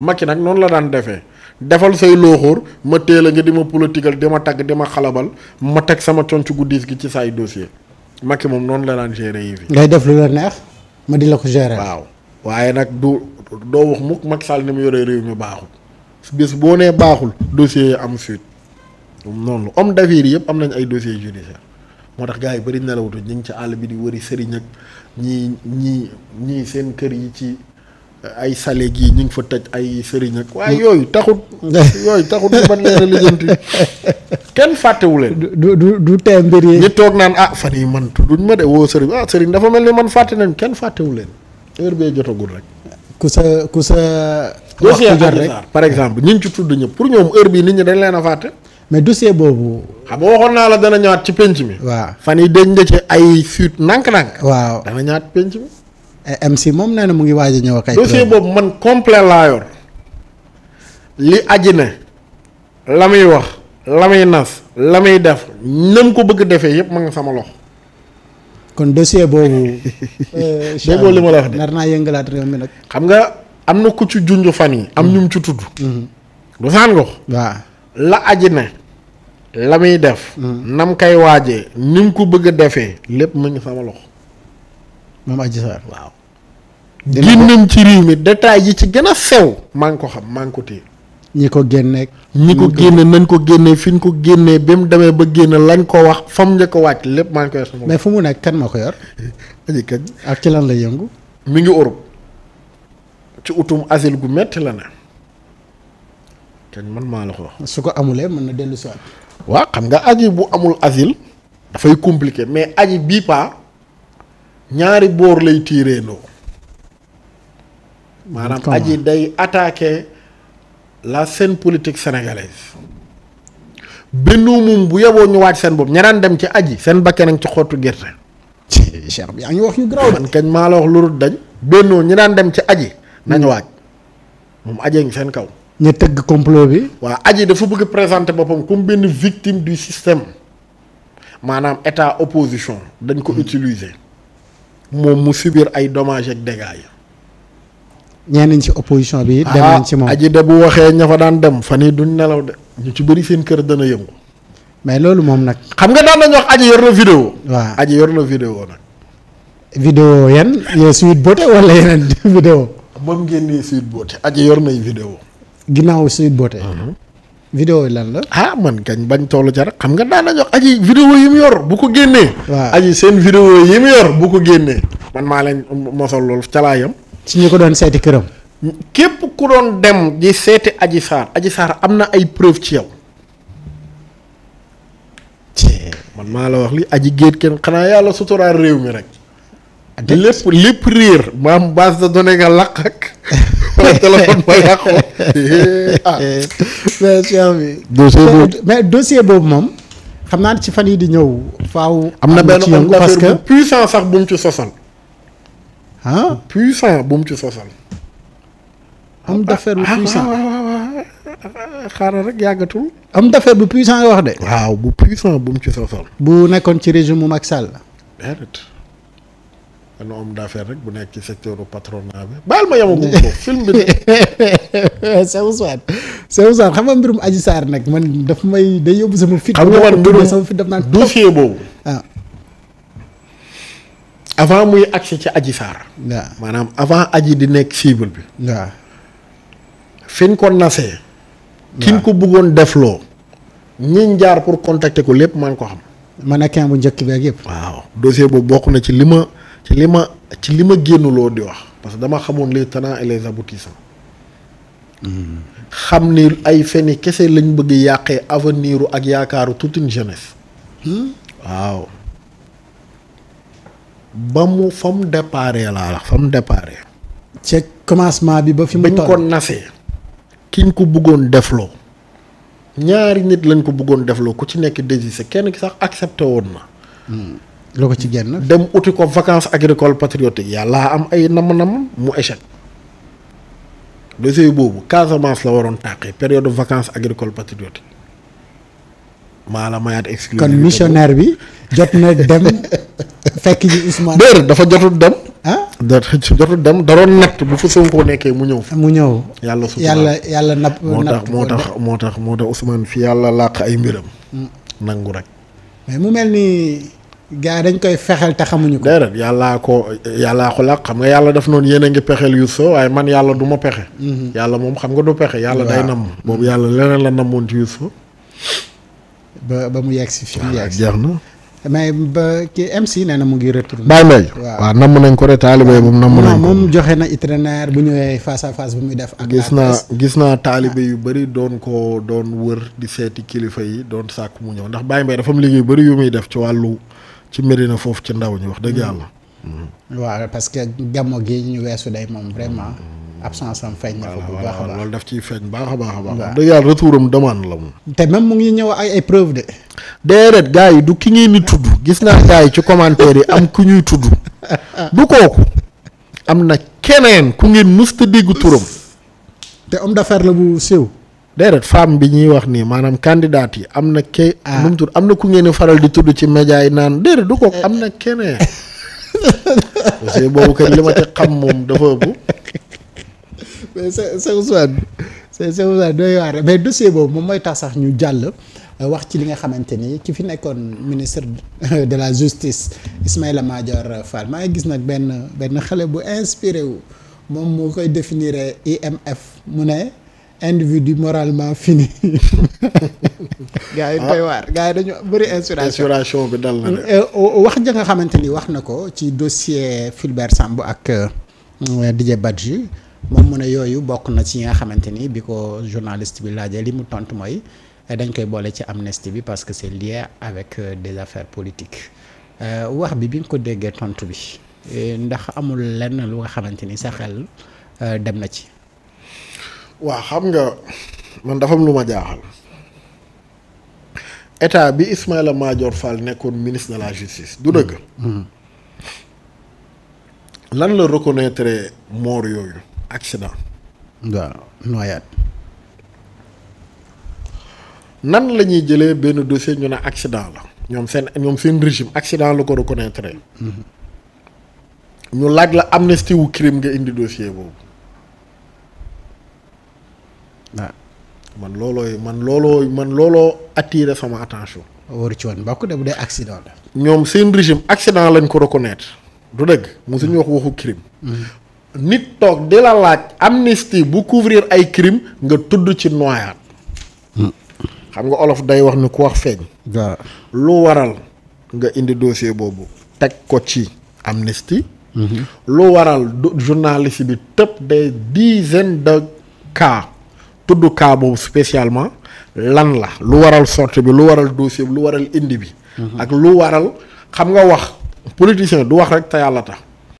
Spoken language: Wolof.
makki nag noonu la daan defee defal say looxóor ma teel a nga di ma politikal di ma tagg di ma xalabal ma teg sama conc guddiis gi ci say dossier makki moom noonu la daan gérer yi fi ngay def lu la neex ma di la ko gérer. waaw waaye nag du doo wax mukk Macky Sall ni mu yoree réew mi baaxul bis boo nee baaxul dossier yi am suite noonu la homme d'affaires yëpp am nañ ay dossier judiciaire moo tax gars yi bëri nelawutu ñu ngi ci àll bi di wëri sëriñ ak ñii ñii ñii seen kër yi ci ay saleeg gii ñu ngi fa tëj ay sëriñ ak waaye mm. yooyu taxut yooyu taxut ñu mën leen a lijjanti kenn fàttewu leen du du du tee ñi toog naan ah fan yi man tudduñ ma de woo sëriñ ah sëriñ dafa mel ni man fàtte nañ kenn fàttewu leen heure bee jotagul rek ku sa ku sa dossier rek par exemple ñi ci tudd ñëpp pour ñoom heure bii nit ñi dañ leen a fàtte mais dossier boobu xam waxoon naa la dana ñëwaat ci pénc mi waa fan yi de ci ay fuite nànk-nànk waaw dana ñëwaat penc mi MC moom nee na mu ngi waaj a ñëw ak boobu man complet laa yor li aji ne la muy wax la muy nas la muy def nam ko bëgg defee yépp ma nga sama lox kon dossier boobu. Euh, déggoo li ma la wax de naa yëngalaat réew mi nag. xam nga am na ku ci junj fan yi. am ñu mu mm-hmm. ci tudd. Mm-hmm. du saan gox. waaw la aji ne. la muy def. Mm-hmm. kay waajee ni ko bëgg a defee lépp mu ngi sama loxo. moom aji saar waaw. génnam ci réew mi détails yi ci gën a sew maa ngi ko xam maa ngi ko téye ñi ko génne ñi ko génne nañ ko génne fi ñu ko génnee bi mu demee ba génn lañ ko wax fam njëkk ko wàcc lépp maa ngi koy sama mais fu mu nekk kan ma ko yor ak ci lan la yëngu mi ngi Europe ci utum asile gu metti la ne kañ man maa la ko su ko amulee mën na dellu si waat waaw xam nga aji bu amul asil dafay compliqué mais aji bii paa ñaari bóor lay tiireendoo maanaam aji day attaquer la scène politique sénégalaise benno moom bu yeboo ñu waaj seen bopp ña daan dem ci aji seen bakkee nañ ci xottu gerte. ci Cheikh bi yaa ngi wax yu garaaw kañ maa la wax lu rut dañ. benno ñi daan dem ci aji. nañ hmm. waaj moom ajee ngi seen kaw. ñu tëgg complot bi. waa aji dafa bëgg présenter boppam comme benn victime du système maanaam état opposition dañ ko hmm. utiliser moom mu subir ay dommages ak yi ñenn ci opposition bi. dem ah, nañ ci moom aji de bu waxee ña fa daan dem fan yii du nelaw de ñu ci bëri seen kër dana yëngu. mais loolu moom nag. xam nga daan nañu wax aji yor na vidéo. waaw aji yor na vidéo nag. vidéo yan yooyu Sweet Beauté wala yeneen vidéo moom ngeen di Sweet yor nay vidéo ginnaaw Sweet Beauté. Mhm. vidéo yi lan la. ah man kañ bañ toll ca xam nga daan nañu wax aji vidéo yi mu yor bu ko génnee. waa aji seen vidéo yi mu yor bu ko génnee. man maa leen mosal loolu ca laa yem ci ñi ko doon seeti këram. képp ku doon dem di seeti aji Sarr aji Sarr am na ay preuve ci yow. man maa la wax li aji géet kenn xanaa yàlla suturaal réew mi rek. lépp lépp réer maam base de données nga laq ak. téléphone ba yàqu. ah. mais dossier boobu moom. xam naa ci fan yi di ñëw. faaw am na benn parce que puissance sax bu ci sosal. Ah, ah, ah puissant bu mu ci sosal. Ah, am d'affaire bu puissant xaaral rek yàggatul. am d'affaire bu puissant nga wax de. waaw bu puissant bu mu ci sosal. bu nekkoon ci régime mu Macky Sall. déedéet. dana am d'affaire rek bu nekk ci secteur patronat bi baal ma yemagum ko film bi de. c'est Ousmane c'est Ousmane xam nga mbirum Adji Sarr nag man daf may day yóbbu sama fit. xam nga man mbirum sama fit daf naan dossier boobu. ah. avant muy agsi ci aji saar maanaam avant aji di nekk cible bi waaw fi ñu ko nasee kiñ ko bëggoon defloo ñiñ jaar pour contacter ko lépp man ko xam man ak bu njëkk bi ak yëpp waaw dossier boobu bokk na ci li ma ci li ma ci li ma génnuloo di wax parce que dama xamoon les tenants et les aboutissants hmm. xam ni ay feni kese lañ bëgg yàqee avenir ak yaakaaru toute une jeunesse hmm. waaw ba mu fa mu déparé laa la fa mu déparé. ca commencement bi ba fi mu. bañ ko nasee. kiñ ko bëggoon defloo. ñaari nit lañ ko bëggoon defloo ku ci nekk désisté kenn ki sax accepté woon na. Hmm. loo ko ci genn dem uti ko vacances agricole patriotique yàlla am ay nam-nam mu échec. dossier boobu Casamance la waroon tàqee période de vacances agricole patriotique maa la mayaat exclu kon missionnaire bi. jot na dem fekk ji Ousmane. déer dafa jotul dem. ah da jotul dem daroon natt bu fa Sonko nekkee mu ñëw. mu ñëw yàlla su yàlla yàlla napp moo tax moo tax moo tax moo tax fi yàlla làq ay mbiram. Mm. nangu rek. mais mu mel ni gars dañ koy fexeel te xamuñu ko. déedéet yàllaa ko yàllaa ko làq xam nga yàlla def noonu yéen a ngi pexeel Youssou waaye man yàlla du ma pexe. Mm-hmm. yàlla moom xam nga du pexe. yàlla day namm. boobu yàlla leneen la nammoon ci Youssou. ba ba mu yegg si fi mu jeex na. mais ba ki MC nee na mu ngi retour. Baye Mbaye waaw nam nañ ko de taalibe moom namm nañ ko moom joxe na itinéraire bu ñëwee face à face bu muy def. ak gis naa gis naa taalibe ah. yu bëri doon ko doon wër di seeti kilifa yi doon sàkk mu ñëw ndax Baye Mbaye dafa am liggéey yu bëri yu muy def ci wàllu ci Medina foofu ci ndaw ñi wax dëgg mm. yàlla. Mm. waaw parce que gàmmo gi ñu weesu day moom vraiment. Mm. absence am feeñ na fa bu baax a baax loolu daf ciy feeñ baax a baax a baax dëgg yàlla retour am demande la moom te même mu ngi ñëw ay ay preuve de déedéet gars yi du ki ngeen di tudd gis naa gars yi ci commentaire yi am ku ñuy tudd du kooku am na keneen ku ngeen musta dégg turam te homme d'affaires la bu siiw déedéet femme bi ñuy wax nii maanaam candidate yi am na ke ah. nu mu tudd am na ku ngeen di faral di tudd ci média yi naan déedéet du kooku am na keneen parce que boobu kay li ma ci xam moom dafa ëpp mais Cheikh Ousmane Cheikh Ousmane doy waar mais dossier boobu moom mooy tax sax ñu jàll euh, wax ci li nga xamante ni ki fi nekkoon ministre de la justice Ismaïla Madior Fall maa ngi gis nag benn benn xale bu inspiré wu moom moo koy définir IMF mu ne individu moralement fini. gars yi doy waar gars yi dañu bëri inspiration inspiration bi dal na euh, euh, wax ja nga xamante ni wax na ko ci dossier Fulbert Sambou ak Didier Badji. moom mu ne yooyu bokk na ci yi nga xamante ni bi ko journaliste bi laajee li mu tontu mooy eh, dañ koy boole ci amnistie bi parce que c'est lié avec euh, des affaires politiques euh, wax bi bi nga ko déggee tontu bi eh, ndax amul lenn lu nga xamante ni sa xel euh, dem na ci. waaw xam nga man dafa lu ma jaaxal état bi Ismaïla Madior Fall nekkoon ministre de la justice du dëgg. Mm-hmm. lan la reconnaître moor yooyu. accident. waaw noyaat. nan lañuy jëlee benn dossier ñu ne accident la ñoom seen ñoom seen régime accident la ko reconnaître. Mm-hmm. ñu laaj la amnistie wu kirim nga indi dossier boobu. waaw. man loolooy man looloo man looloo attiré sama attention. waru ci woon mbokk de bu dee accident ñoom seen régime accident lañ ko reconnaître du dëgg. mosuñu wax waxu crime. Mm-hmm. nit toog di la laaj amnistie bu couvrir ay crime nga tudd ci noyaat xam nga olof day wax ni ku wax feeñ lu waral nga indi dossier boobu teg ko ci amnistie mhm. lu waral journaliste bi tëb des dizaines de cas tudd cas boobu spécialement lan la lu waral sortie bi lu waral dossier bi lu waral indi bi mhm. ak lu waral xam nga wax politicien du wax rek te yàlla tax